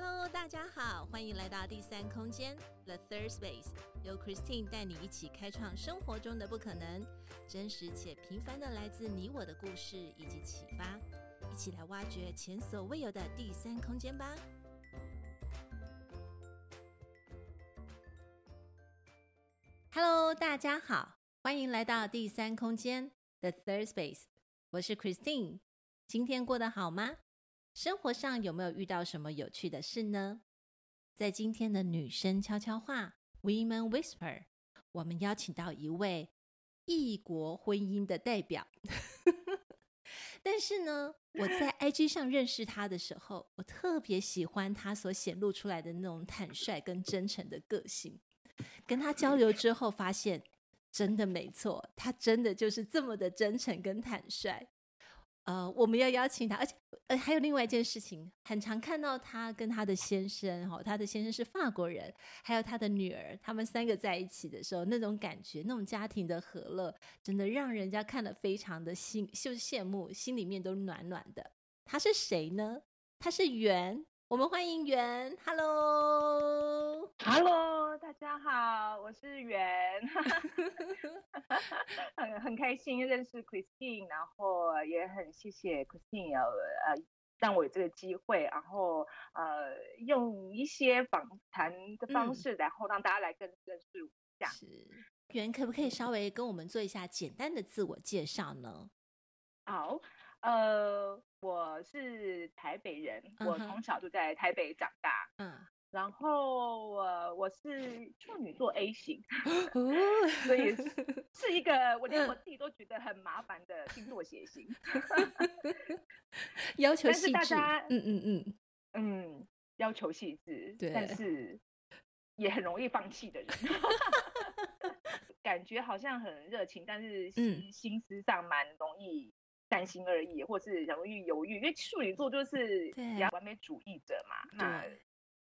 Hello，大家好，歡迎來到第三空間 The Third Space，由 Christine 帶你一起開創生活中的不可能，真實且平凡的來自你我的故事以及啟發，一起來挖掘前所未有的第三空間吧。Hello，大家好，歡迎來到第三空間 The Third Space，我是 Christine，今天過得好嗎？生活上有沒有遇到什麼有趣的事呢？在今天的女聲悄悄話 （Women Whisper），我們邀請到一位異國婚姻的代表。 但是呢，我在 IG 上認識她的時候，我特別喜歡她所顯露出來的那種坦率跟真誠的個性。跟她交流之後，發現真的沒錯，她真的就是這麼的真誠跟坦率。呃，我們要邀請他，而且呃，還有另外一件事情，很常看到他跟他的先生，吼、哦，他的先生是法國人，還有他的女兒，他們三個在一起的時候，那種感覺，那種家庭的和樂，真的讓人家看了非常的心就羨慕，心裡面都暖暖的。他是誰呢？他是袁。我們歡迎袁，Hello，Hello，Hello，大家好，我是袁， 很很開心認識 Christine，然後也很謝謝 Christine，呃，讓我有這個機會，然後呃，用一些訪談的方式，然後讓大家來更認識我一下，嗯。袁，可不可以稍微跟我們做一下簡單的自我介紹呢？好，oh, uh，呃。我是台北人，uh huh. 我從小就在台北長大。嗯、uh，huh. 然後我、呃、我是處女座 A 型，uh huh. 所以是，是一個我連我自己都覺得很麻煩的星座血型。 要求但是大家，嗯嗯嗯嗯，要求細緻，對但是也很容易放棄的人。 感覺好像很熱情，但是心思上蠻容易、嗯。擔心而已，或是猶豫、猶豫，因為處女座就是比較完美主義者嘛，對那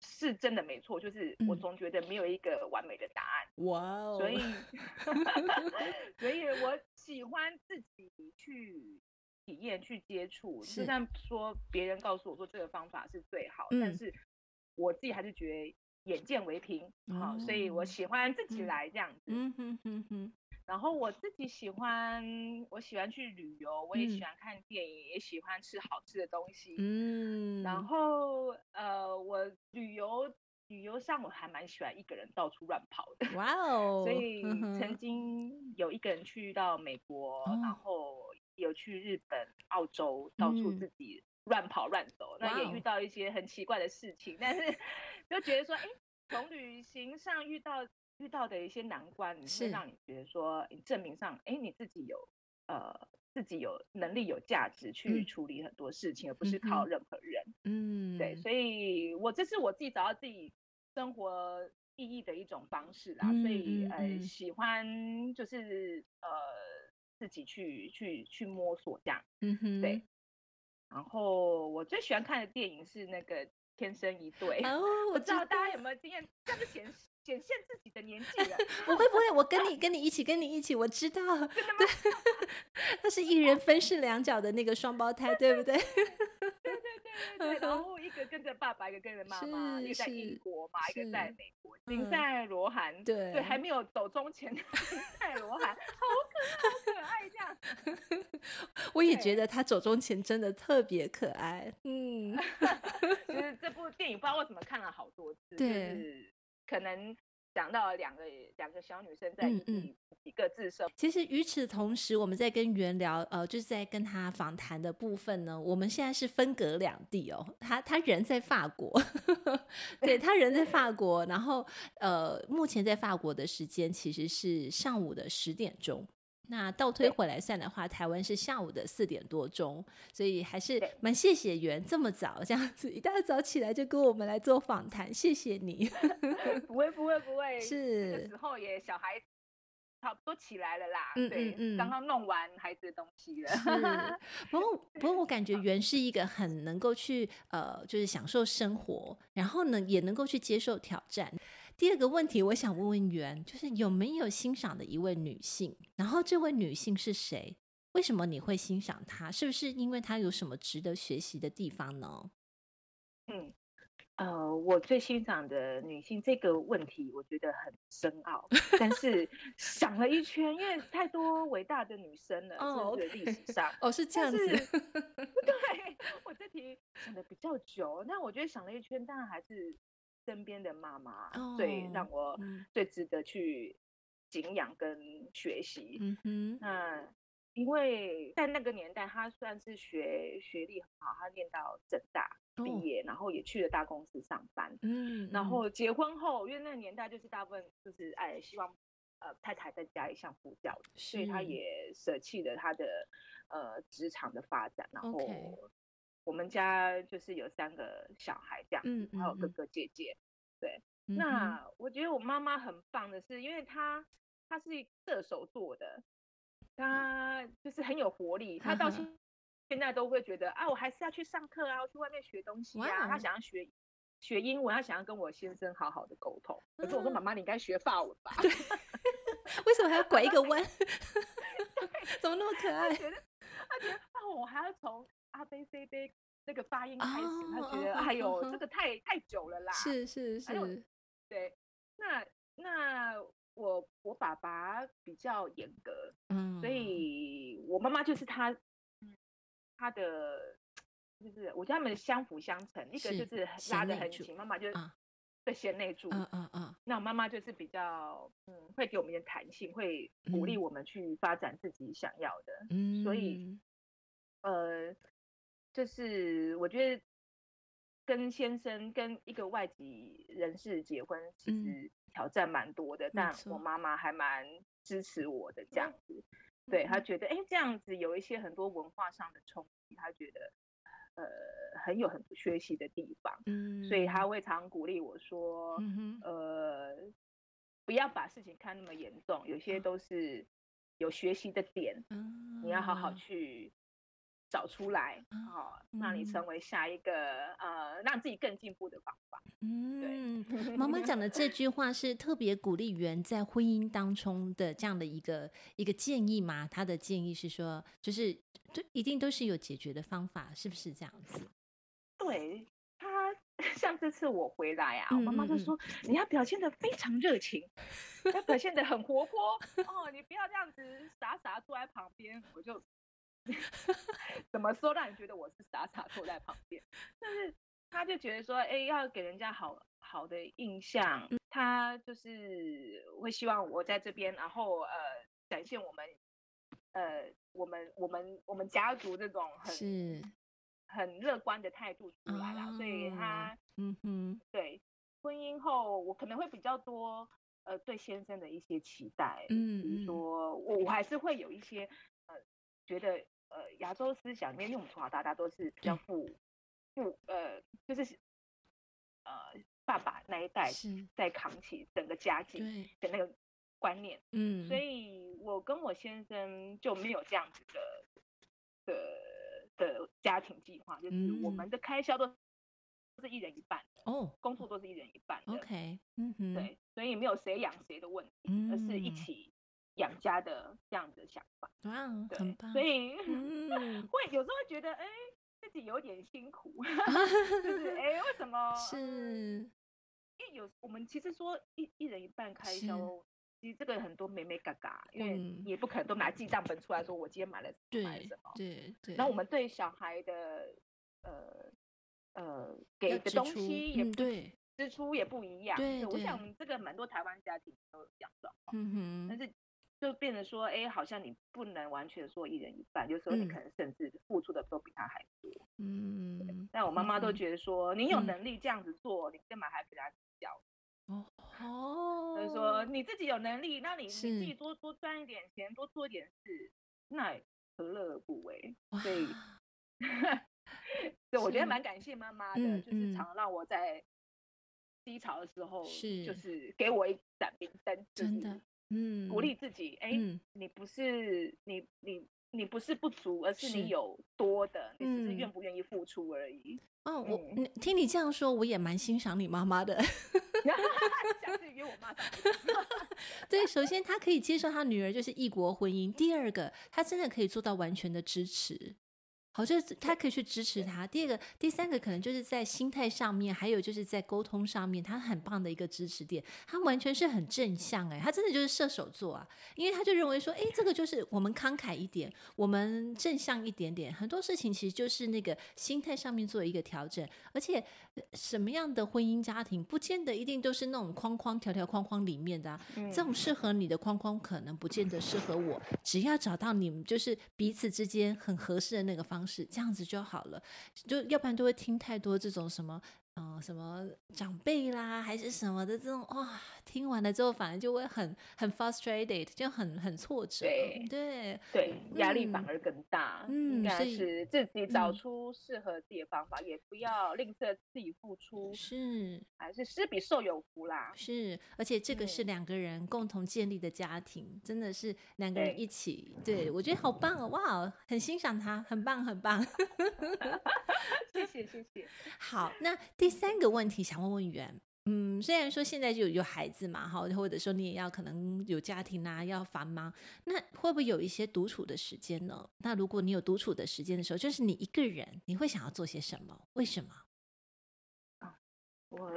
是真的沒錯。就是我總覺得沒有一個完美的答案，哇、嗯、所以，Wow 所以我喜歡自己去體驗、去接觸。是就算說別人告訴我說這個方法是最好，嗯、但是我自己還是覺得眼見為憑，好、Oh. 哦，所以我喜歡自己來這樣子。嗯嗯哼哼然後我自己喜歡，我喜歡去旅遊，我也喜歡看電影，嗯、也喜歡吃好吃的東西。嗯，然後呃，我旅遊旅遊上我還蠻喜歡一個人到處亂跑的。哇哦！ 所以曾經有一個人去到美國，嗯、然後有去日本、澳洲，到處自己亂跑亂走，嗯、那也遇到一些很奇怪的事情，哦、但是就覺得說，哎，從旅行上遇到。遇到的一些難關，你會讓你覺得說，證明上，哎是、欸，你自己有，呃，自己有能力、有價值去處理很多事情，嗯、而不是靠任何人。嗯，對，所以我這是我自己找到自己生活意義的一種方式啦。嗯嗯嗯，所以，呃喜歡就是呃，自己去去去摸索這樣。嗯哼、嗯，對。然後我最喜歡看的電影是那個《天生一對》。哦，我知道， 知道大家有沒有經驗？這個顯示。展現自己的年紀了，我會不會我跟你跟你一起跟你一起，我知道。真的嗎？對，他是一人分飾兩角的那個雙胞胎，對不對？對對對對對。然後一個跟着爸爸，一個跟着媽媽，一個在英國嘛，一個在美國。林賽羅涵對對，還沒有走中前的林賽羅涵，好可愛好可愛，這樣。我也覺得他走中前真的特別可愛。嗯，就是這部電影，不知道為什麼看了好多次。對。可能講到兩個兩個小女生在一嗯，嗯一個自身其實，與此同時，我們在跟袁聊，呃，就是在跟他訪談的部分呢。我們現在是分隔兩地哦，他他人在法國， 對，他人在法國。 然後，呃，目前在法國的時間其實是上午的十點鐘。那倒推回來算的話，對台灣是下午的四點多鐘，所以還是蠻謝謝元對這麼早這樣子，一大早起來就跟我們來做訪談，謝謝你。 不會不會不會，是那時候也小孩差不多起來了啦，嗯對嗯剛、嗯、剛弄完孩子的東西了。 不過不過我感覺元是一個很能夠去呃，就是享受生活，然後呢也能夠去接受挑戰。第二個問題，我想問問袁，就是有沒有欣賞的一位女性？然後這位女性是誰？為什麼你會欣賞她？是不是因為她有什麼值得學習的地方呢？嗯，呃，我最欣賞的女性這個問題，我覺得很深奧。但是想了一圈，因為太多偉大的女生了，哦， 歷史上哦，okay，哦是這樣子，對，我這題想的比較久。那我覺得想了一圈，當然還是，身邊的媽媽最、oh, 讓我最值得去敬仰跟學習。嗯哼、mm，hmm. 那因為在那個年代，她算是學學歷很好，她念到政大畢業，oh. 然後也去了大公司上班。嗯、mm，hmm. 然後結婚後，因為那個年代就是大部分就是哎希望、呃、太太在家裡相夫教，是所以她也捨棄了她的、呃、職場的發展，然後。Okay. 我們家就是有三個小孩這樣子，還有哥哥姐姐。嗯嗯嗯對，嗯、哼那我覺得我媽媽很棒的是，因為她她是射手座的，她就是很有活力。她到現在都會覺得、嗯、哼啊，我還是要去上課啊，我去外面學東西、啊、哇她想要學學英文，她想要跟我先生好好的溝通。可是、嗯、我說，媽媽，你應該學法文吧？對， 為什麼還要拐一個彎？對 怎麼那麼可愛？她覺得啊，覺得法文我還要從。阿飛 C 杯那個發音開始，oh, 他覺得 oh, oh, oh, oh, oh, 哎呦，這個太太久了啦。是是是。還有，對，那那我我爸爸比較嚴格，嗯，所以我媽媽就是他，他的就是我家他們相輔相成，是一個就是拉得很緊，媽媽、嗯、就是這賢內助，嗯嗯,嗯那我媽媽就是比較、嗯、會給我們一點彈性，會鼓勵我們去發展自己想要的，嗯，所以呃。就是我覺得跟先生跟一個外籍人士結婚，其實挑戰蠻多的。嗯、但我媽媽還蠻支持我的這樣子，沒錯。對她覺得，哎、欸，這樣子有一些很多文化上的衝擊，她覺得呃很有很多學習的地方。嗯，所以她會常鼓勵我說，嗯、哼呃，不要把事情看那麼嚴重，有些都是有學習的點，嗯、你要好好去。找出來，好、哦，讓你成為下一個、嗯、呃，讓自己更進步的方法。嗯，對，媽媽講的這句話是特別鼓勵人，在婚姻當中的這樣的一個 一個建議嘛？她的建議是說，就是，就一定都是有解決的方法，是不是這樣子？對他，像這次我回來啊，我媽媽就說，嗯嗯嗯，你要表現得非常熱情，要表現得很活潑 哦，你不要這樣子傻傻坐在旁邊，我就。 怎麼說？讓你覺得我是傻傻坐在旁邊，但是他就覺得說，哎，要給人家好好的印象，他就是會希望我在這邊，然後呃，展現我們，呃，我們我們我們家族這種很很樂觀的態度出來了。所以，他嗯哼，對，婚姻後我可能會比較多，呃，對先生的一些期待，嗯，比如說我我還是會有一些呃，覺得。呃，亞洲思想裡面用詞好大，大家都是比較父父，呃，就是呃爸爸那一代在扛起整個家境的那個觀念。嗯，所以我跟我先生就沒有這樣子的的的家庭計劃，就是我們的開銷都是一人一半哦，嗯、工作都是一人一半的。OK，、嗯、對，所以沒有誰養誰的問題，嗯、而是一起養家的這樣的想法，哇，很棒，所以會有時候會覺得，哎，自己有點辛苦，就是哎，為什麼？是因為有我們其實說一一人一半開銷，其實這個很多眉眉角角，因為也不可能都拿記賬本出來說我今天買了什麼，買什麼，對對。那我們對小孩的呃呃給的東西也對支出也不一樣，對，我想這個蠻多台灣家庭都有這樣狀況，嗯哼，但是。就變得說，哎、欸，好像你不能完全說一人一半，就是說你可能甚至付出的都比他還多。嗯，但我媽媽都覺得說，嗯、你有能力這樣子做，嗯、你幹嘛還跟他計較？哦哦，就是說你自己有能力，那你是你自己多多賺一點錢，多做一點事，那何樂而不為？哇所以， 對，我覺得蠻感謝媽媽的，是就是常讓我在低潮的時候，是就是給我一盞明燈，真的。嗯，鼓勵自己，哎、欸，嗯、你不是你你你不是不足，而是你有多的，是嗯、你只是願不願意付出而已。哦，嗯、我你聽你這樣說，我也蠻欣賞你媽媽的。 對，首先她可以接受她女兒就是異國婚姻，第二個她真的可以做到完全的支持。好，就是他可以去支持他。第二個、第三個可能就是在心態上面，還有就是在溝通上面，他很棒的一個支持點。他完全是很正向哎、欸，他真的就是射手座啊，因為他就認為說，哎、欸，這個就是我們慷慨一點，我們正向一點點，很多事情其實就是那個心態上面做一個調整。而且，什麼樣的婚姻家庭，不見得一定都是那種框框條條框框裡面的啊。這種適合你的框框，可能不見得適合我。只要找到你們就是彼此之間很合適的那個方。是這樣子就好了。就要不然就會聽太多這種什麼。哦，什麼長輩啦，還是什麼的這種，哇，聽完了之後反而就會很很 frustrated，就很很挫折，對對、嗯、壓力反而更大。嗯，應該是自己找出適合自己的方法，以也不要吝嗇自己付出。是，還是施比受有福啦。是，而且這個是兩個人共同建立的家庭，嗯、真的是兩個人一起。對，對，我覺得好棒哦，哇，很欣賞他，很棒，很棒。謝 謝 謝謝。謝謝好，那第三個問題想問問袁，嗯，雖然說現在就有孩子嘛，哈，或者說你也要可能有家庭啊，要繁忙，那會不會有一些獨處的時間呢？那如果你有獨處的時間的時候，就是你一個人，你會想要做些什麼？為什麼？啊，我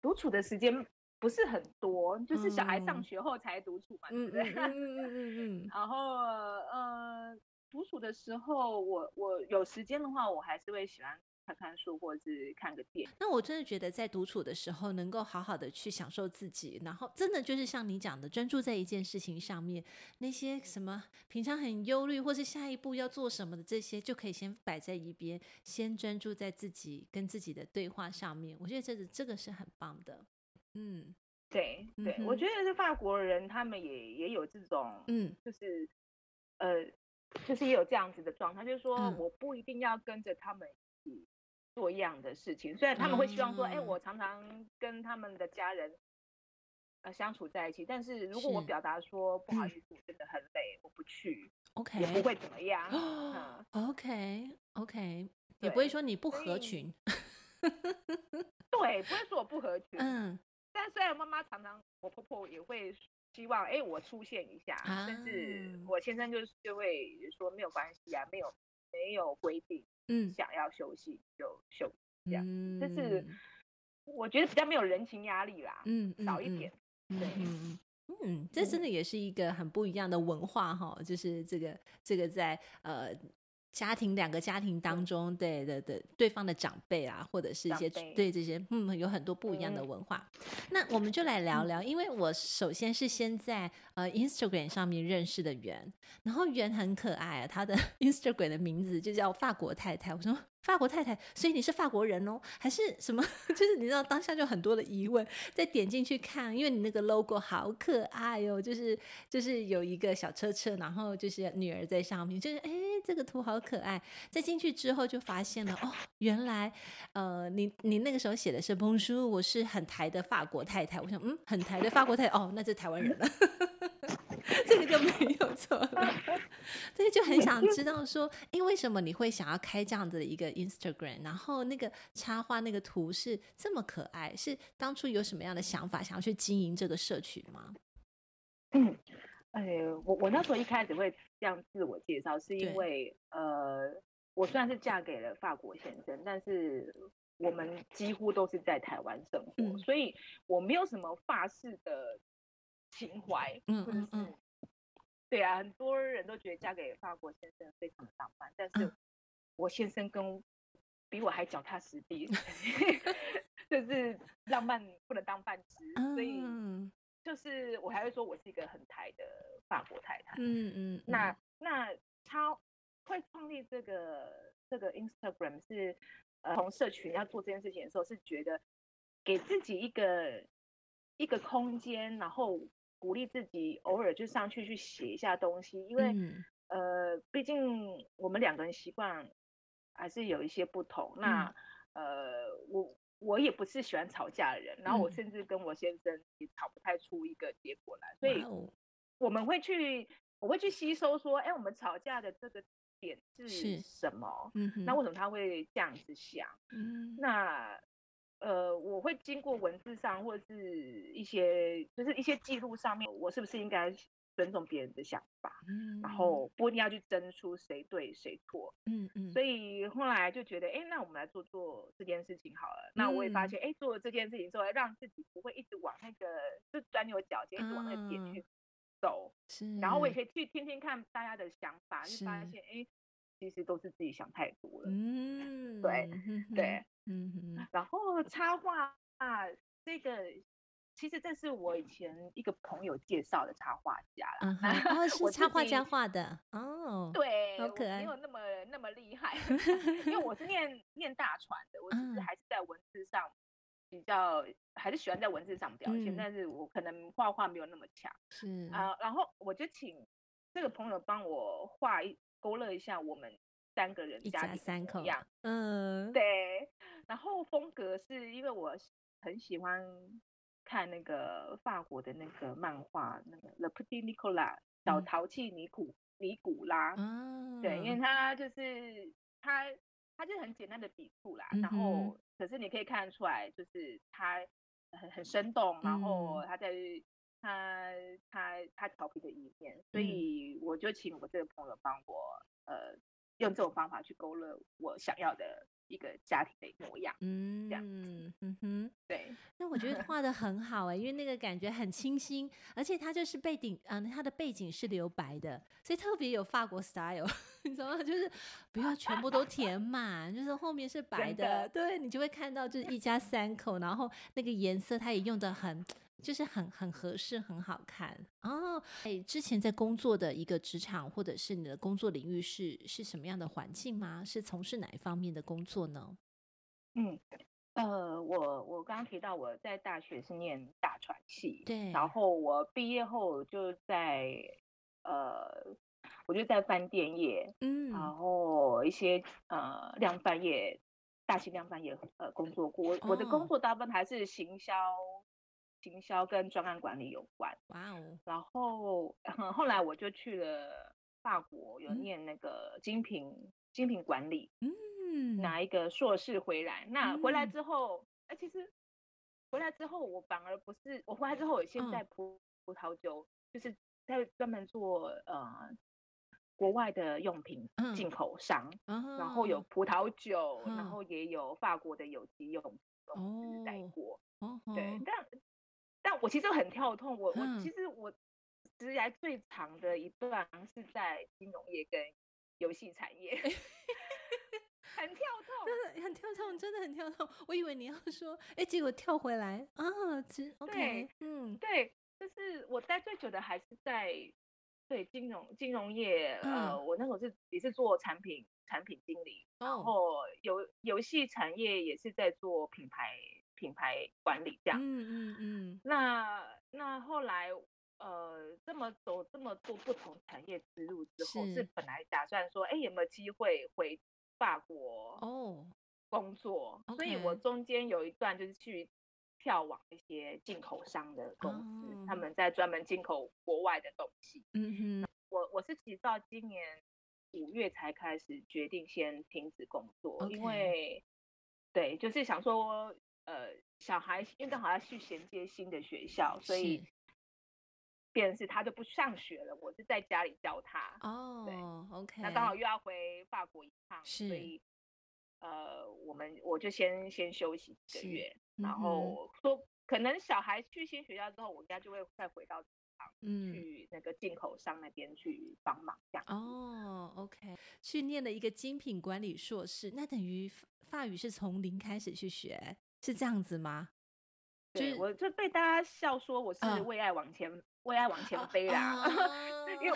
獨處的時間不是很多，就是小孩上學後才獨處嘛，嗯嗯嗯嗯嗯，然後呃，獨處的時候，我我有時間的話，我還是會喜歡。看看書，或者是看個電影。那我真的覺得，在獨處的時候，能夠好好的去享受自己，然後真的就是像你講的，專注在一件事情上面。那些什麼平常很憂慮，或是下一步要做什麼的這些，就可以先擺在一邊，先專注在自己跟自己的對話上面。我覺得這是這個是很棒的。嗯，對對，我覺得是法國人，他們也也有這種，嗯，就是呃，就是也有這樣子的狀態，就是說我不一定要跟着他們。做一樣的事情，雖然他們會希望說，哎、嗯欸，我常常跟他們的家人、呃、相處在一起，但是如果我表達說不好意思，嗯、我真的很累，我不去，OK，也不會怎麼樣、嗯、，OK OK，、嗯、也不會說你不合群，對，不會說我不合群，嗯，但雖然媽媽常常，我婆婆也會希望，哎、欸，我出現一下，啊、甚至我先生就是會說沒有關係啊，嗯、沒有。沒有規定，嗯，想要休息就休息這樣，就，嗯，是我覺得比較沒有人情壓力啦，嗯，少一點，嗯，對，嗯，嗯，這真的也是一個很不一樣的文化哈，哦，嗯，就是這個這個在呃。家庭兩個家庭當中，對對對，對，對，對方的長輩啊，或者是一些長輩對這些，嗯，有很多不一樣的文化。嗯、那我們就來聊聊，因為我首先是先在呃 Instagram 上面認識的圓，然後圓很可愛啊，她的 Instagram 的名字就叫法國太太，我說。法國太太，所以你是法國人哦？還是什麼？就是你知道當下就很多的疑問，再點進去看，因為你那個 logo 好可愛哦，就是就是有一個小車車，然後就是女兒在上面，就是哎，這個圖好可愛。再進去之後就發現了，哦，原來，呃，你你那個時候寫的是 Bonjour，我是很台的法國太太，我想，嗯，很台的法國太太，哦，那是台灣人了。 這個沒有錯，所以 就很想知道說，哎、欸，為什麼你會想要開這樣子的一個 Instagram？然後那個插畫那個圖是這麼可愛，是當初有什麼樣的想法想要去經營這個社群嗎？嗯，哎、欸，我我那時候一開始會這樣自我介紹，是因為對呃，我雖然是嫁給了法國先生，但是我們幾乎都是在台灣生活，嗯、所以我沒有什麼法式的情懷，嗯，嗯嗯。就是對啊，很多人都覺得嫁給法國先生非常的浪漫，但是，我先生跟比我還腳踏實地，嗯、 就是浪漫不能當飯吃，所以就是我還會說我是一個很台的法國太太。嗯嗯，嗯嗯，那那他會創立這個這個 Instagram 是，呃，從社群要做這件事情的時候，是覺得給自己一個一個空間，然後。鼓勵自己偶爾就上去去寫一下東西，因為、嗯、呃，畢竟我們兩個人習慣還是有一些不同。那、嗯、呃，我我也不是喜歡吵架的人，然後我甚至跟我先生也吵不太出一個結果來，嗯、所以我們會去我會去吸收說，哎、欸，我們吵架的這個點是什麼？嗯、那為什麼他會這樣子想？嗯、那。呃，我會經過文字上或者是一些，就是一些記錄上面，我是不是應該尊重別人的想法？嗯，然後不一定要去爭出誰對誰錯，嗯。嗯嗯。所以後來就覺得，哎，欸，那我們來做做這件事情好了。那我也發現，哎，嗯欸，做了這件事情之後，讓自己不會一直往那個就鑽牛角尖，一直往那邊去走。是，嗯。然後我也可以去聽聽看大家的想法，是，就發現，哎，欸，其實都是自己想太多了。嗯，對對。對嗯哼，然後插畫這、啊那個，其實這是我以前一個朋友介紹的插畫家了。然後是插畫家畫的哦，oh, 對，好可愛，沒有那麼那麼厲害， 因為我是念 念大傳的，我只是還是在文字上比較，uh huh. 還是喜歡在文字上表現，嗯、但是我可能畫畫沒有那麼強。是啊、呃，然後我就請這個朋友幫我畫一勾勒一下我們。三個人一，一家三口樣，嗯，對。然後風格是因為我很喜歡看那個法國的那個漫畫，那個 Le Petit Nicolas，嗯《Le Petit Nicolas》小淘氣尼古尼古拉，嗯，對，因為他就是他，他就很簡單的筆觸啦，然後、嗯、哼可是你可以看得出來，就是他很很生動，然後他在他他他調皮的一面，所以我就請我這個朋友幫我呃。用這種方法去勾勒我想要的一個家庭的模樣，嗯，嗯哼。這樣，嗯，對。那我覺得畫的很好哎、欸，因為那個感覺很清新， 而且它就是背景，嗯、呃，它的背景是留白的，所以特別有法國 style。你知道嗎？就是不要全部都填滿， 就是後面是白的。的對，你就會看到就是一家三口，然後那個顏色它也用的很。就是很很合適，很好看哦。哎、欸，之前在工作的一個職場或者是你的工作領域是是什麼樣的環境嗎？是從事哪一方面的工作呢？嗯，呃，我我剛剛提到我在大學是念大傳系，對，然後我畢業後就在呃，我就在飯店業，嗯，然後一些呃，量販業、大型量販業呃，工作過。我的工作大部分還是行銷。哦行銷跟專案管理有關，Wow. 然後後來我就去了法國，有念那個精品、嗯、精品管理，嗯，拿一個碩士回來。那回來之後，哎、嗯欸，其實回來之後我反而不是我回來之後，我先在葡萄酒，uh. 就是在專門做呃國外的用品進口商，uh. 然後有葡萄酒，uh. 然後也有法國的有機用品代購，對，oh. 但。啊、我其實很跳痛，我、嗯、我其實我職來最長的一段是在金融業跟遊戲產業， 很跳痛， 真的很跳痛，真的很跳痛。我以為你要說，哎、欸，結果跳回來啊，職、oh, OK，對嗯，對，就是我待最久的還是在對金融金融業，嗯、呃，我那時候是也是做產品產品經理，oh. 然後遊遊戲產業也是在做品牌。品牌管理這樣，嗯，嗯嗯嗯，那那後來呃，這麼走這麼多不同產業之路之後，是，是本來打算說，哎、欸，有沒有機會回法國哦工作？Oh. Okay. 所以我中間有一段就是去跳往一些進口商的公司，oh. 他們在專門進口國外的東西。嗯嗯、mm hmm. 我我是直到今年五月才開始決定先停止工作，Okay. 因為對，就是想說。呃，小孩因為剛好要去銜接新的學校，所以變成是他就不上學了。我是在家裡教他。哦，對。OK。那剛好又要回法國一趟，是所以呃，我們我就先先休息一個月。是然後說，可能小孩去新學校之後，我家就會再回到嗯，去那個進口商那邊去幫忙這樣。哦、oh,，OK。去念了一個精品管理碩士，那等於法語是從零開始去學。是這樣子嗎？對，我就被大家笑說我是為愛往前，為愛往前飛啦。因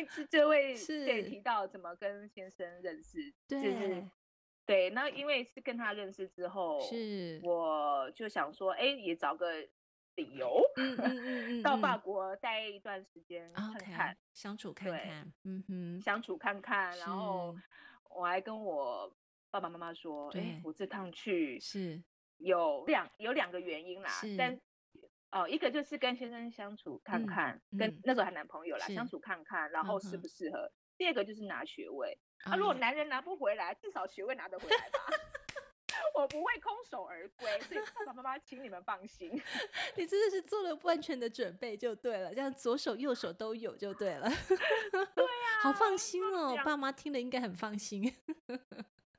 為是這位是對提到怎麼跟先生認識，就是對，那因為是跟他認識之後，是我就想說，哎，也找個理由，嗯嗯嗯，到法國待一段時間看看相處看看，嗯哼，相處看看，然後我還跟我爸爸媽媽說：“哎，我這趟去是有兩有兩個原因啦，一個就是跟先生相處看看，跟那時候還男朋友啦相處看看，然後適不適合；第二個就是拿學位。啊，如果男人拿不回來，至少學位拿得回來吧。我不會空手而歸，所以爸爸媽媽，請你們放心。你真的是做了完全的準備，就對了，這樣左手右手都有，就對了。對呀，好放心哦。爸媽聽了應該很放心。”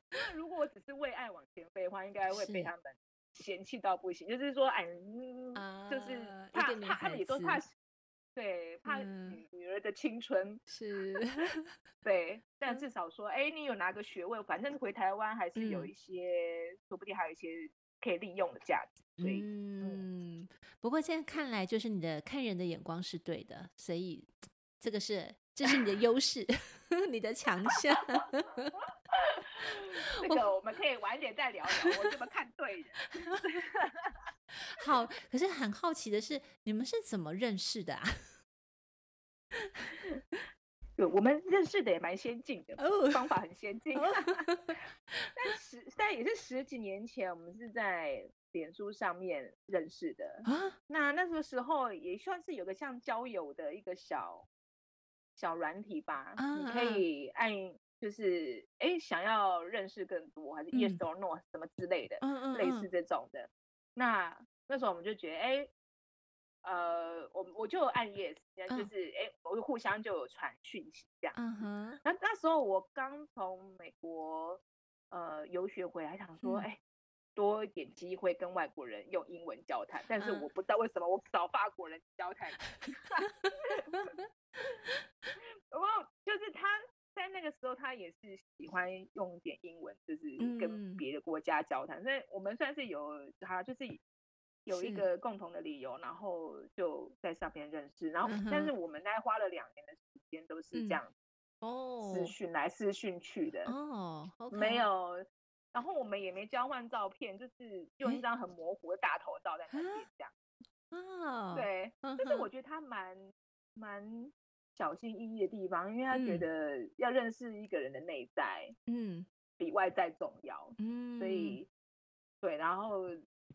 那如果我只是為愛往前飛的話，應該會被他們嫌棄到不行。是就是說，哎、嗯，啊、就是怕你怕，他們也都怕，對，怕女兒的青春、嗯、是。 對，但至少說，哎、嗯欸，你有拿個學位，反正回台灣還是有一些，嗯、說不定還有一些可以利用的價值。所以嗯，嗯不過現在看來，就是你的看人的眼光是對的，所以。這個是，這是你的優勢， 你的強項。這 個我們可以晚點再聊聊，我怎麼看對的？ 好，可是很好奇的是，你們是怎麼認識的啊？ 我們認識的也蠻先進的，方法很先進。 但十但也是十幾年前，我們是在臉書上面認識的啊。 那那個時候也算是有個像交友的一個小。小軟體吧，uh, 你可以按就是哎、uh, uh,，想要認識更多，還是 yes or no、uh, 什麼之類的，uh, uh, uh, 類似這種的。那那時候我們就覺得哎，呃，我我就按 yes，就是哎、uh,，我就互相就有傳訊息這樣。Uh, uh, uh, 那那時候我剛從美國呃遊、uh, 學回來，想說哎。Uh, uh, 多一點機會跟外國人用英文交談，但是我不知道為什麼我找法國人交談。然後、uh, 就是他在那個時候，他也是喜歡用點英文，就是跟別的國家交談。嗯、所以我們算是有他，就是有一個共同的理由，是然後就在上邊認識。然後，嗯、哼但是我們大概花了兩年的時間都是這樣，哦，資訊來資訊去的，哦、嗯，oh. Oh, okay. 沒有。然後我們也沒交換照片，就是用一張很模糊的大頭照在那邊這樣。嗯、對，但是我覺得他蠻蠻小心翼翼的地方，因為他覺得要認識一個人的內在，嗯，比外在重要，嗯，所以對。然後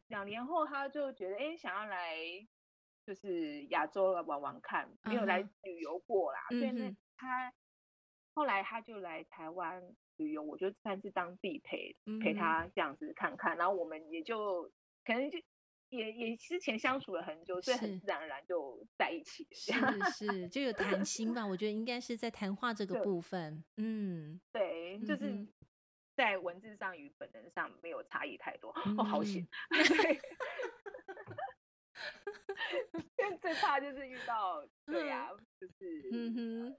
兩年後，他就覺得哎，想要來就是亞洲來玩玩看，沒有來旅遊過啦，嗯、所以他後來他就來台灣。旅遊，我就算是當地陪陪他這樣子看看，嗯、哼然後我們也就可能就也也之前相處了很久，所以很自然而然就在一起，是，樣是是就有談心吧？ 我覺得應該是在談話這個部分，對嗯，對，就是在文字上與本能上沒有差異太多，嗯、哼哦，好險，最怕就是遇到，嗯、對呀、啊，就是。嗯哼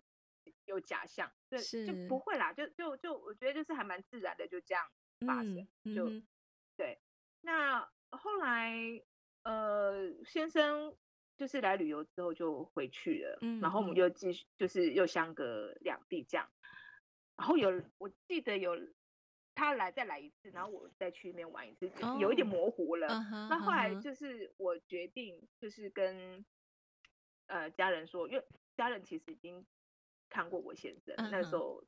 有假象，對，是就不會啦，就就就，就我覺得就是還蠻自然的，就這樣發生，嗯、就、嗯、對。那後來，呃，先生就是來旅遊之後就回去了，嗯嗯，然後我們就繼續，就是又相隔兩地這樣。然後有，我記得有他來再來一次，然後我再去那邊玩一次，有一點模糊了。Oh. Uh huh, uh huh. 那後來就是我決定，就是跟呃家人說，因為家人其實已經。看過我先生，那時候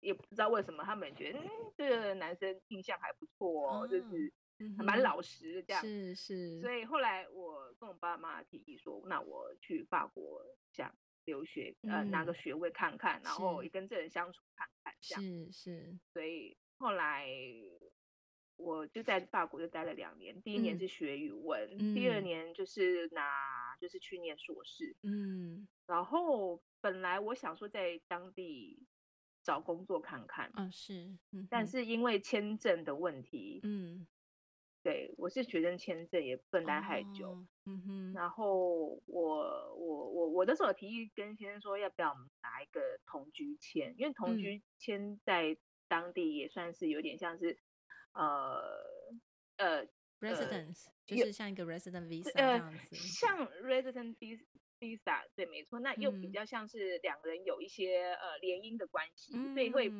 也不知道為什麼，他們覺得、uh huh. 欸、這個男生印象還不錯、哦，uh huh. 就是還蠻老實的這樣。是是、uh。Huh. 所以後來我跟我爸媽提議說：“那我去法國想留學，呃，uh huh. 拿個學位看看，然後也跟這人相處看看這樣。Uh ”是是。所以後來我就在法國就待了兩年，第一年是學語文，uh huh. 第二年就是拿就是去念碩士。嗯、uh，huh. 然後。本來我想說在當地找工作看看，嗯、哦、是，嗯但是因為簽證的問題，嗯，對我是學生簽證，也不能待太久，哦嗯、然後我我我我那時候提議跟先生說，要不要我們拿一個同居簽？因為同居簽在當地也算是有點像是，嗯、呃呃，residence，、呃、就是像一個 resident visa 這樣子像 resident visa。Lisa，對，沒錯，那又比較像是兩個人有一些、嗯、呃聯姻的關係，所以會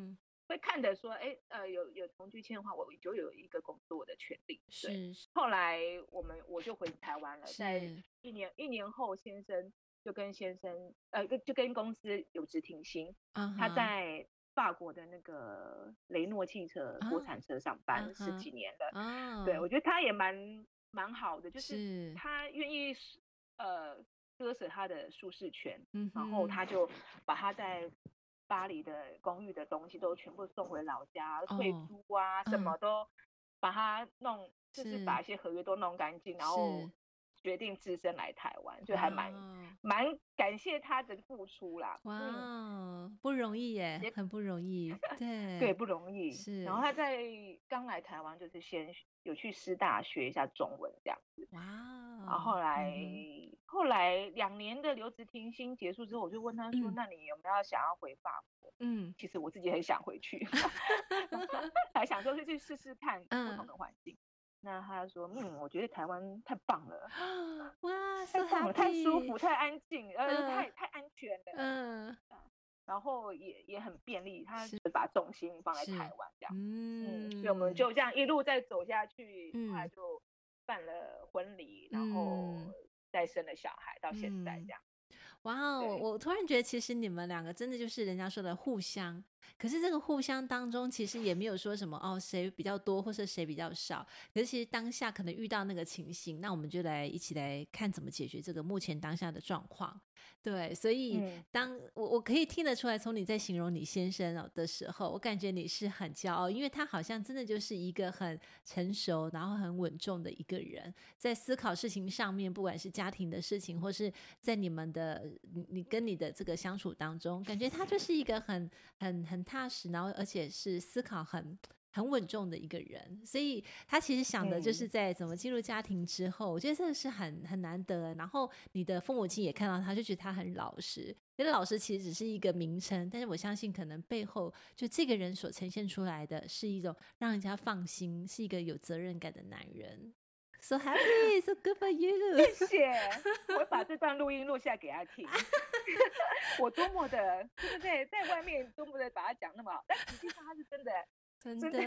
會看得說，哎、欸，呃，有有同居簽的話，我就有一個工作的權利。對是，後來我們我就回台灣了，是在一年一年後，先生就跟先生呃，就跟公司有職停薪，uh huh. 他在法國的那個雷諾汽車國產車上班十幾年了。Uh huh. uh huh. 對我覺得他也蠻蠻好的，就是他願意呃。割舍他的舒適圈，然後他就把他在巴黎的公寓的東西都全部送回老家，退租啊，什麼都把他弄，就是把一些合約都弄乾淨，然後決定自身來台灣，就還蠻蠻感謝他的付出啦。哇，不容易耶，也很不容易，對對，不容易。是，然後他在剛來台灣，就是先有去師大學一下中文這樣子。哇，然後後來。後來兩年的留職停薪結束之後，我就問他說：“那你有沒有想要回法國？”嗯，其實我自己很想回去，還想說去試試看不同的環境。那他說：“嗯，我覺得台灣太棒了，哇，太棒，太舒服，太安靜，呃，太太安全了，嗯，然後也也很便利，他把重心放在台灣這樣，嗯，所以我們就這樣一路再走下去，後來就辦了婚禮，然後。”再生的小孩到現在這樣，哇哦、嗯！Wow, 對。我突然覺得，其實你們兩個真的就是人家說的互相。可是這個互相當中，其實也沒有說什麼哦，誰比較多或是誰比較少。可是其實當下可能遇到那個情形，那我們就來一起來看怎麼解決這個目前當下的狀況。對，所以當、嗯、我我可以聽得出來，從你在形容你先生、哦、的時候，我感覺你是很驕傲，因為他好像真的就是一個很成熟然後很穩重的一個人，在思考事情上面，不管是家庭的事情，或是在你們的你你跟你的這個相處當中，感覺他就是一個很很很。很很踏實，然後而且是思考很很穩重的一個人，所以他其實想的就是在怎麼進入家庭之後，嗯、我覺得這是很很難得。然後你的父母親也看到他，就覺得他很老實。因為老實其實只是一個名稱，但是我相信可能背後就這個人所呈現出來的是一種讓人家放心，是一個有責任感的男人。So happy, so good for you！謝謝，我把這段錄音錄下給他聽。 我多麼的對不對？在外面多麼的把他講那麼好，但實際上他是真的，真的，真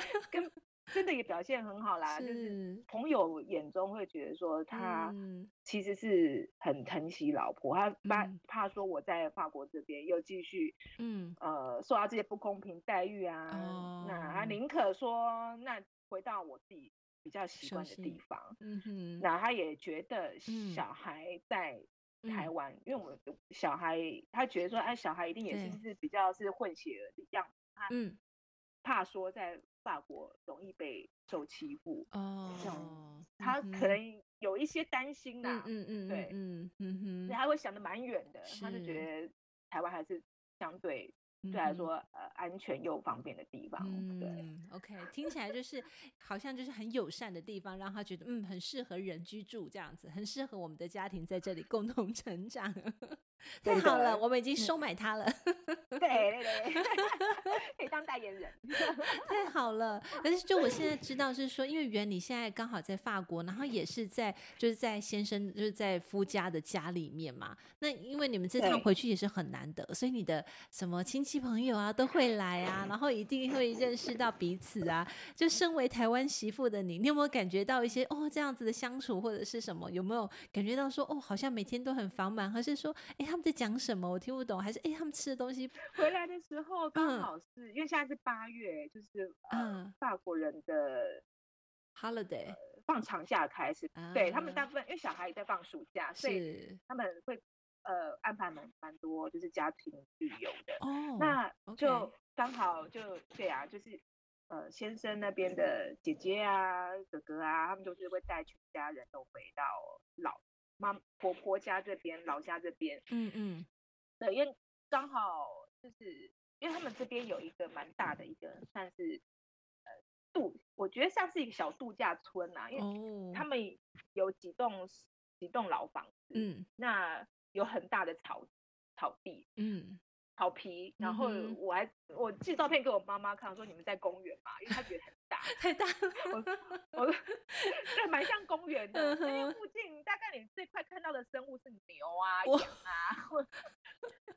的，跟真的也表現很好啦。是就是朋友眼中會覺得說他其實是很疼惜老婆，嗯、他怕怕說我在法國這邊、嗯、又繼續嗯呃受到這些不公平待遇啊，哦、那他寧可說那回到我自己比較習慣的地方，嗯哼，那他也覺得小孩在、嗯。台灣，嗯、因為我們小孩他覺得說，哎，小孩一定也是，是比較是混血兒的樣子，對他怕說在法國容易被受欺負哦，這樣，他可能有一些擔心啦，嗯嗯，對、嗯，嗯嗯，所以他會想的蠻遠的，是他就覺得台灣還是相對。對來說，嗯、呃，安全又方便的地方，對、嗯、，OK，聽起來就是好像就是很友善的地方， 讓他覺得嗯，很適合人居住，這樣子很適合我們的家庭在這裡共同成長，的太好了，我們已經收買他了，嗯、對,對,對，可以 當代言人， 太好了。但是就我現在知道就是說，因為袁你現在剛好在法國，然後也是在就是在先生就是在夫家的家裡面嘛。那因為你們這趟回去也是很難得，對所以你的什麼親。親戚朋友啊都會來啊，然後一定會認識到彼此啊。就身為台灣媳婦的你，你有沒有感覺到一些哦這樣子的相處，或者是什麼？有沒有感覺到說哦，好像每天都很繁忙，還是說哎他們在講什麼我聽不懂，還是哎他們吃的東西？回來的時候剛好是、嗯、因為現在是八月，就是嗯，法國人的 holiday、呃、放長假開始，嗯、對他們大部分因為小孩在放暑假，是所以他們會。呃，安排蠻蠻多，就是家庭旅遊的，oh, okay. 那就剛好就對啊，就是呃，先生那邊的姐姐啊、哥哥啊，他們就是會帶全家人都回到老媽婆婆家這邊、老家這邊。嗯嗯、mm，hmm. 對，因為剛好就是因為他們這邊有一個蠻大的一個算是呃度，我覺得像是一個小度假村啊，因為他們有幾棟、oh. 幾棟老房子，嗯、mm，hmm. 那。有很大的草草地，嗯，草皮，然後我還我寄照片給我媽媽看，說你們在公園嘛，因為她覺得很大，太大了，我說，我說，蠻像公園的。嗯、哼附近你大概你最快看到的生物是牛啊、羊我啊，我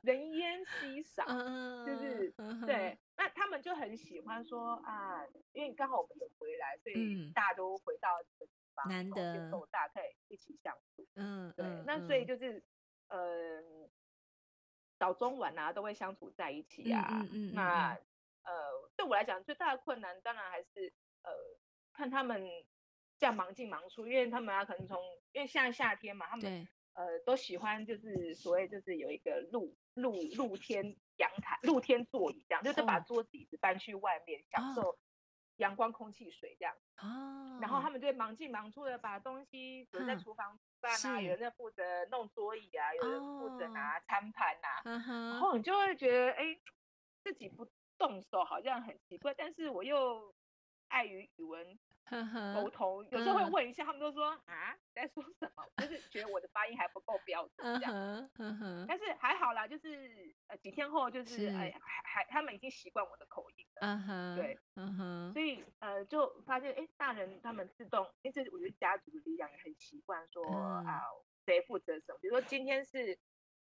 人煙稀少，嗯、就是對。那他們就很喜歡說啊，因為剛好我們有回來，所以大家都回到這個地方，嗯、難得，然後就大概一起相處，嗯，對。嗯、那所以就是。呃、嗯，早中晚啊都會相處在一起啊。嗯，嗯，嗯。那呃，對我來講最大的困難當然還是呃，看他們這樣忙進忙出，因為他們啊，可能從因為現在夏天嘛，他們對呃都喜歡就是所謂就是有一個露露露天陽台，露天座椅這樣，就是把桌子椅子搬去外面，oh. 享受陽光，oh. 空氣、水這樣。Oh. 然後他們就忙進忙出的把東西留在廚房。Oh. 啊，有人在負責弄桌椅啊，有人負責拿餐盤啊。Oh. Uh huh. 然後你就會覺得，哎、欸，自己不動手好像很奇怪，但是我又。礙於語文溝通，嗯哼，有時候會問一下，嗯、哼他們都說啊，你在說什麼？就是覺得我的發音還不夠標準，這樣。嗯嗯，但是還好啦，就是呃幾天後，就是，是哎還還他們已經習慣我的口音，嗯、哼對，嗯、哼所以呃就發現哎、欸、大人他們自動，因為這我覺得家族的力量也很習慣說，嗯、啊誰負責什麼，比如說今天是。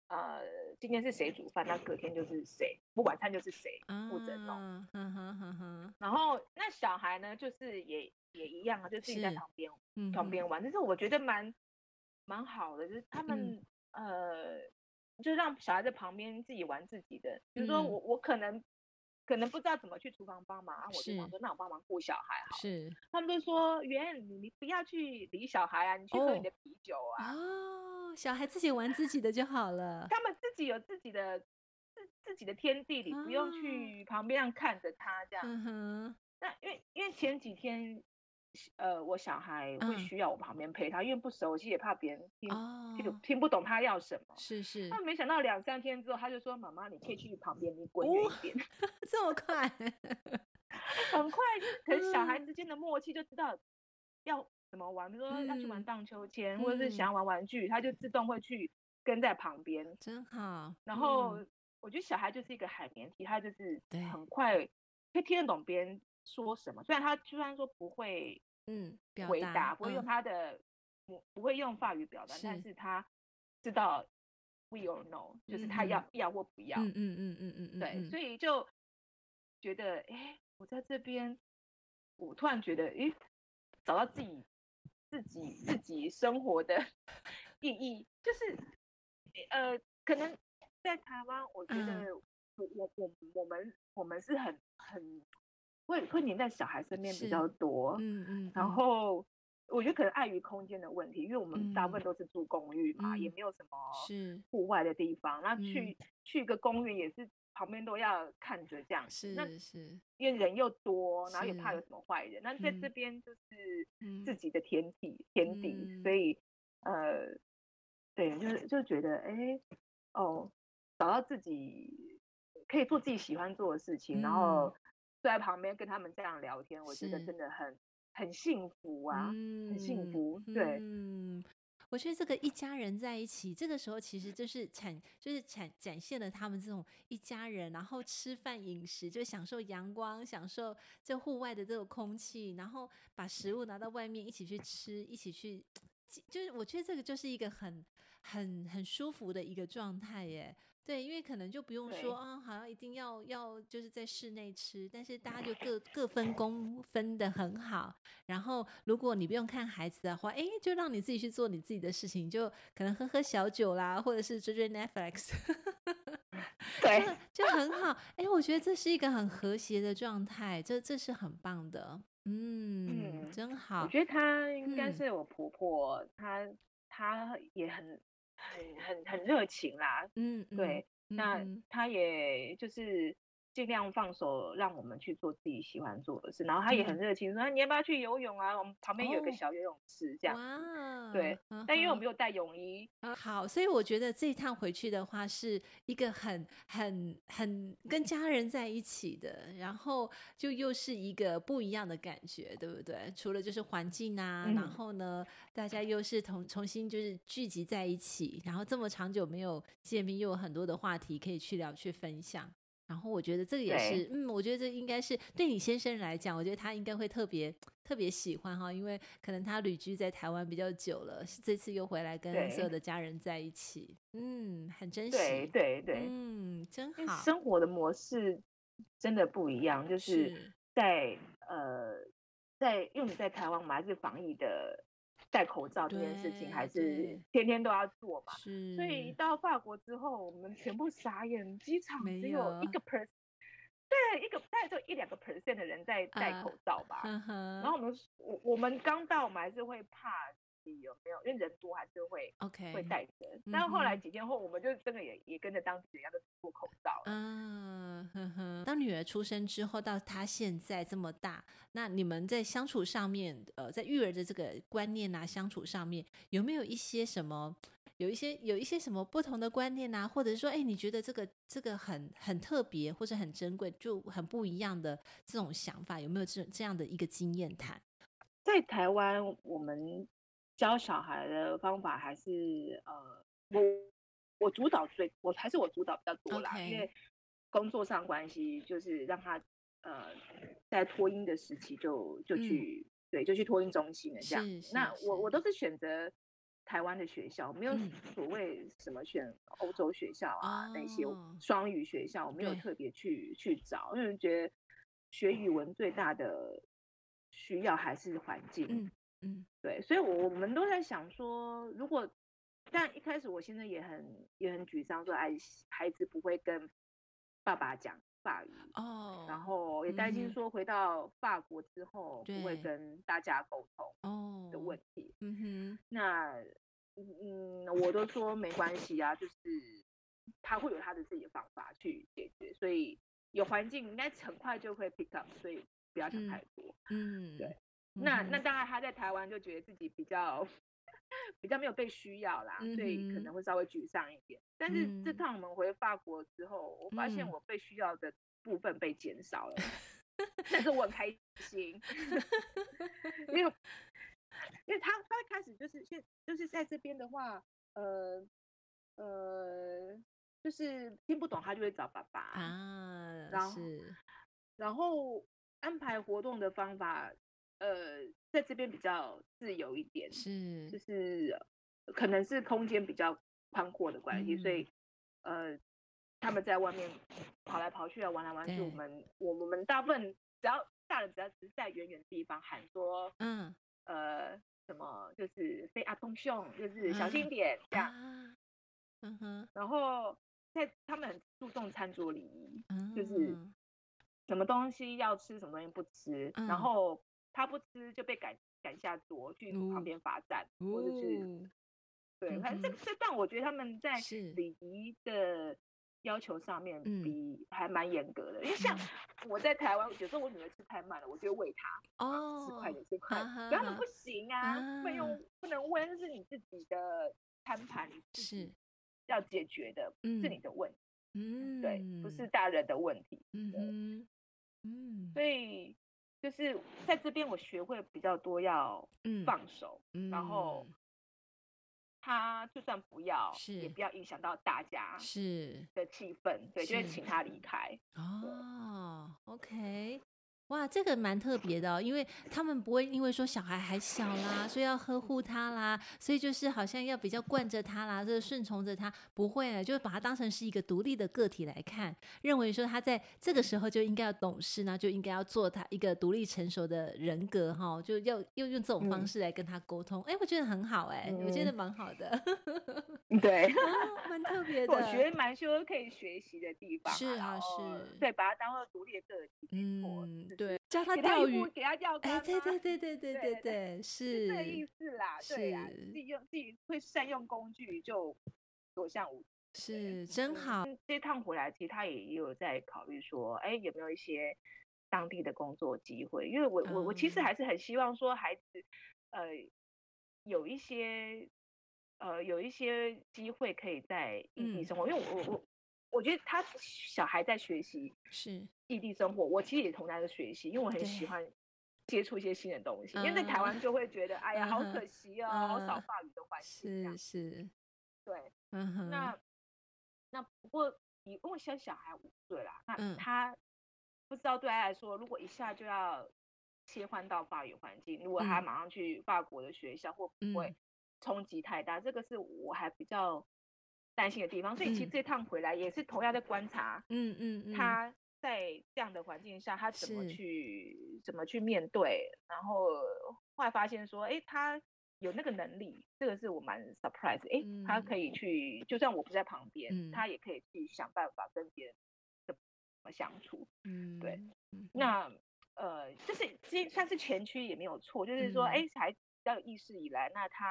呃，今天是誰煮飯，那隔天就是誰，不晚餐就是誰負責咯。啊、呵呵呵然後那小孩呢，就是也也一樣啊，就是自己在旁邊，嗯、旁邊玩。但是我覺得蠻蠻好的，就是他們、嗯、呃，就讓小孩在旁邊自己玩自己的。嗯、比如說我我可能可能不知道怎麼去廚房幫忙啊，我就想說是那我幫忙顧小孩好。是，他們都說，Yuan 你你不要去理小孩啊，你去喝你的啤酒啊。哦啊小孩自己玩自己的就好了，他們自己有自己的自，自己的天地裡，不用去旁邊看着他這樣。Oh. 那因為因為前幾天，呃，我小孩會需要我旁邊陪他，oh. 因為不熟悉，其實也怕別人聽聽不懂他要什麼。是是。那沒想到兩三天之後，他就說：“媽媽、oh.，你可以去旁邊，你滾遠一點。” oh. 這麼快， 很快，可能小孩之間的默契就知道要。怎麼玩？他說要去玩盪秋千，或者是想要玩玩具，他就自動會去跟在旁邊，真好。然後我覺得小孩就是一個海綿體，他就是很快可以聽得懂別人說什麼。雖然他雖然說不會嗯回答，不會用他的不不會用法語表達，但是他知道 we or no，就是他要要或不要。嗯嗯嗯嗯嗯，對，所以就覺得哎，我在這邊，我突然覺得哎，找到自己。自己自己生活的意義，就是呃，可能在台灣，我覺得我我、嗯、我們我們是很很會會黏在小孩身邊比較多，嗯嗯，嗯然後我覺得可能礙於空間的問題，因為我們大部分都是住公寓嘛，嗯、也沒有什麼戶外的地方，是那去、嗯、去一個公園也是。旁邊都要看着這樣，是，那是因為人又多，是然後也怕有什麼壞人。那是在這邊就是自己的天地，天地，所以，呃，對，就是就覺得，哎、欸，哦，找到自己可以做自己喜歡做的事情，嗯、然後坐在旁邊跟他們這樣聊天，是我覺得真的很很幸福啊，嗯、很幸福，對。嗯我覺得這個一家人在一起，這個時候其實就是產，就是產展現了他們這種一家人，然後吃飯飲食就享受陽光，享受這戶外的這種空氣，然後把食物拿到外面一起去吃，一起去，就是我覺得這個就是一個很很很舒服的一個狀態耶。對，因為可能就不用說啊對、哦，好像一定要要就是在室內吃，但是大家就各各分工分得很好。然後，如果你不用看孩子的話，哎，就讓你自己去做你自己的事情，就可能喝喝小酒啦，或者是追追 Netflix， 對、嗯、就很好。哎，我覺得這是一個很和諧的狀態，這這是很棒的，嗯嗯，真好。我覺得她應該是我婆婆，她她、嗯、也很。很很很熱情啦，嗯，對，嗯、那他也就是，盡量放手，讓我們去做自己喜歡做的事。然後他也很熱情，嗯、說：“你要不要去游泳啊？我們旁邊有一個小游泳池，這樣。哦”哇對，但因為我沒有帶泳衣、嗯，好，所以我覺得這一趟回去的話，是一個很、很、很跟家人在一起的，然後就又是一個不一樣的感覺，對不對？除了就是環境啊，嗯、然後呢，大家又是重重新就是聚集在一起，然後這麼長久沒有見面，又有很多的話題可以去聊、去分享。然後我覺得這個也是，對嗯，我覺得這應該是對你先生來講，我覺得他應該會特別特別喜歡哈，因為可能他旅居在台灣比較久了，這次又回來跟所有的家人在一起，對嗯，很珍惜，對對對，對對嗯，真好，生活的模式真的不一樣，就是在是呃，在因為你在台灣還是防疫的。戴口罩這件事情還是天天都要做嘛，所以一到法國之後，我們全部傻眼，機場只有一個 percent，對，一個大概就一兩個 percent 的人在戴口罩吧。啊、呵呵，然後我們我我們剛到，我們還是會怕，有沒有？因為人多還是會 OK 會戴着。但後來幾天後，我們就真的也也跟着當地人一樣的。女兒出生之後到他現在這麼大，那你們在相處上面，呃，在育兒的這個觀念啊，相處上面有沒有一些什麼，有一些有一些什麼不同的觀念啊，或者說，哎、欸，你覺得這個這個很很特別或者很珍貴，就很不一樣的這種想法，有沒有這這樣的一個經驗談？在台灣，我們教小孩的方法還是、呃、我，我主導最，我還是我主導比較多了因為。Okay. 工作上關係，就是讓他、呃、在託嬰的時期就就去、嗯、對，就去託嬰中心了這樣。那我我都是選擇台灣的學校，沒有所謂什麼選歐洲學校啊、嗯、那些雙語學校，哦、我沒有特別去對去找，因為我覺得學語文最大的需要還是環境。嗯嗯、對，所以我們都在想說，如果但一開始我現在也很也很沮喪，說哎孩子不會跟。爸爸講法語哦、oh，然後也擔心說回到法國之後不會跟大家溝通的問題。嗯、oh, mm hmm. 那嗯嗯，我都說沒關係啊，就是他會有他的自己的方法去解決，所以有環境應該很快就會 pick up，所以不要想太多。嗯、mm hmm. 對。那那當然，他在台灣就覺得自己比較比較沒有被需要啦，所以可能會稍微沮喪一點。Mm hmm. 但是這趟我們回法國之後，mm hmm. 我發現我被需要的部分被減少了，mm hmm. 但是我很開心。沒 有，因為他他一開始就是去，就是在這邊的話，呃呃，就是聽不懂他就會找爸爸。是，然後安排活動的方法。呃，在這邊比較自由一點，是，就是，可能是空間比較寬闊的關係，嗯、所以呃，他們在外面跑來跑去啊，玩來玩去，我們對我們大部分只要大人只要只是在遠遠的地方喊說，嗯，呃，什麼就是 fais attention，嗯、就是小心點這樣，嗯哼、然後在他們很注重餐桌禮儀，嗯、就是什麼東西要吃，什麼東西不吃，嗯、然後。他不吃就被趕趕下桌，去旁邊罰站，或者是對，反正這這段我覺得他們在禮儀的要求上面比還蠻嚴格的。因為像我在台灣，有時候我女兒吃太慢了，我就餵她哦，吃快點，吃快點，不要說不行啊，要用不能問，是你自己的餐盤是要解決的，是你的問題，對，不是大人的問題，嗯嗯，所以。就是在這邊，我學會比較多要放手，嗯嗯、然後他就算不要，是也不要影響到大家是的氣氛，是對，是就請他離開。哦是對、oh, OK。哇，這個蠻特別的。哦，因為他們不會因為說小孩還小啦，所以要呵護他啦，所以就是好像要比較慣着他啦，就是順從着他，不會的，就是把他當成是一個獨立的個體來看，認為說他在這個時候就應該要懂事呢，就應該要做他一個獨立成熟的人格哈，就要用用這種方式來跟他溝通。哎、嗯欸，我覺得很好哎，嗯、我覺得蠻好的， 對，蠻、哦、特別的，我覺得蠻適合可以學習的地方，是啊是，對，把他當做獨立的個體，嗯。是對，教他釣魚，給他釣竿，對對對對對對對，對對對是這個意思啦，是對啊，自己用自己會善用工具就，就我像，目是對真好。這趟回來，其實他也，也有在考慮說，哎、欸，有沒有一些當地的工作機會？因為我我我其實還是很希望說，孩子，嗯、呃有一些呃有一些機會可以在異地，嗯、生活，因為我我。我我覺得他小孩在學習是異地生活，是我其實也同他的學習，因為我很喜歡接觸一些新的東西，對因為在台灣就會覺得、uh, 哎呀，uh, 好可惜哦、啊，uh, 好，好少法語的環境是，是是，對，uh huh. 那那不過，因為現在小孩五歲，那他不知道對他來，來說，如果一下就要切換到法語環境，如果他馬上去法國的學校，會不會衝擊太大？嗯、這個是我還比較。擔心的地方，所以其實這趟回來也是同樣在觀察，嗯嗯、嗯他在這樣的環境下，他怎麼去是怎麼去面對，然後後來發現說，哎、欸，他有那個能力，這個是我蠻 surprise，哎，他可以去，就算我不在旁邊，嗯、他也可以去想辦法跟別人怎麼相處，嗯，對，那呃，就是這算是前驅也沒有錯，就是說，哎、欸，才比較有意識以來，那他。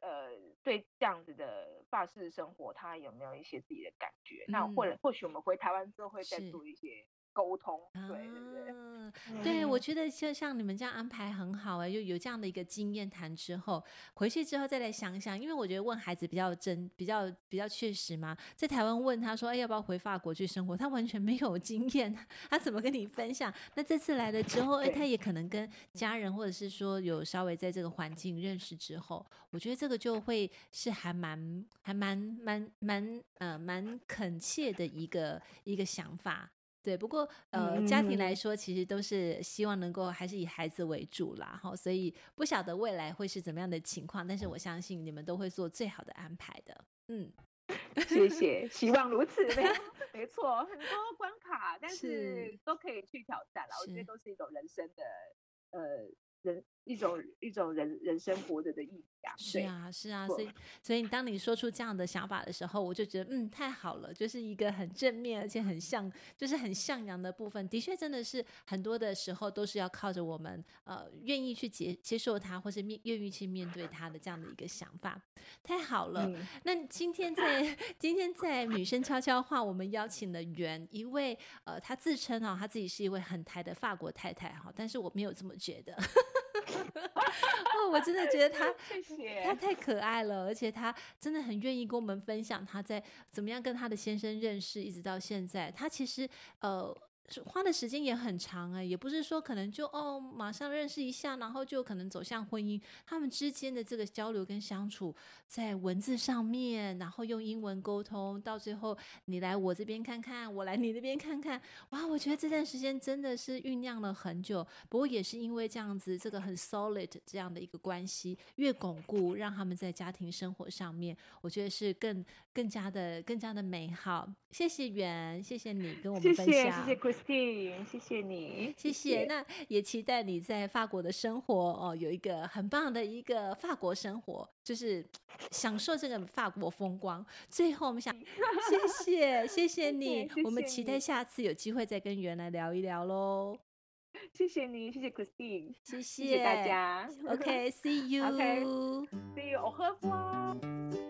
呃，對這樣子的法式生活，他有沒有一些自己的感覺？嗯、那或或許我們回台灣之後會再做一些。溝通，對啊、對嗯，對我覺得就像你們這樣安排很好啊、欸，又有這樣的一個經驗談之後，回去之後再來想想，因為我覺得問孩子比較真，比較比較確實嘛。在台灣問他說：“哎，要不要回法國去生活？”他完全沒有經驗，他怎麼跟你分享？那這次來了之後，哎，他也可能跟家人或者是說有稍微在這個環境認識之後，我覺得這個就會是還蠻還蠻蠻蠻呃蠻懇切的一個一個想法。對，不過呃，家庭來說，其實都是希望能夠還是以孩子為主啦，哈、嗯，所以不曉得未來會是怎麼樣的情況，但是我相信你們都會做最好的安排的，嗯，謝謝，希望如此， 沒錯，很多關卡，但是都可以去挑戰了，是我覺得都是一種人生的呃人一種一種人人生活着的，的意義。對是啊，是啊，對所以，所以當你說出這樣的想法的時候，我就覺得，嗯，太好了，就是一個很正面，而且很像，就是很向陽的部分。的確，真的是很多的時候都是要靠着我們，呃，願意去接接受他，或是面願意去面對他的這樣的一個想法。太好了。嗯。那今天在今天在女聲悄悄話，我們邀請了袁 一位，呃，她自稱啊，她自己是一位很台的法國太太哈，但是我沒有這麼覺得。 哦，我真的覺得他， 謝謝他，他太可愛了，而且他真的很願意跟我們分享他在怎麼樣跟他的先生認識，一直到現在，他其實呃。花的時間也很長啊，也不是說可能就哦馬上認識一下，然後就可能走向婚姻。他們之間的這個交流跟相處，在文字上面，然後用英文溝通，到最後你來我這邊看看，我來你那邊看看，哇，我覺得這段時間真的是醞釀了很久。不過也是因為這樣子，這個很 solid 這樣的一個關係越鞏固，讓他們在家庭生活上面，我覺得是更更加的更加的美好。謝謝袁，謝謝你跟我們分享。謝謝謝謝對，謝謝你，謝謝。謝謝。那也期待你在法國的生活哦，有一個很棒的一個法國生活，就是享受這個法國風光。最後我們想， 謝謝，謝謝你，謝謝你，我們期待下次有機會再跟 Yuan 來聊一聊嘍。謝謝你，謝謝 Christine，謝謝，謝謝大家。OK，See you，OK，See you，歐呵呵。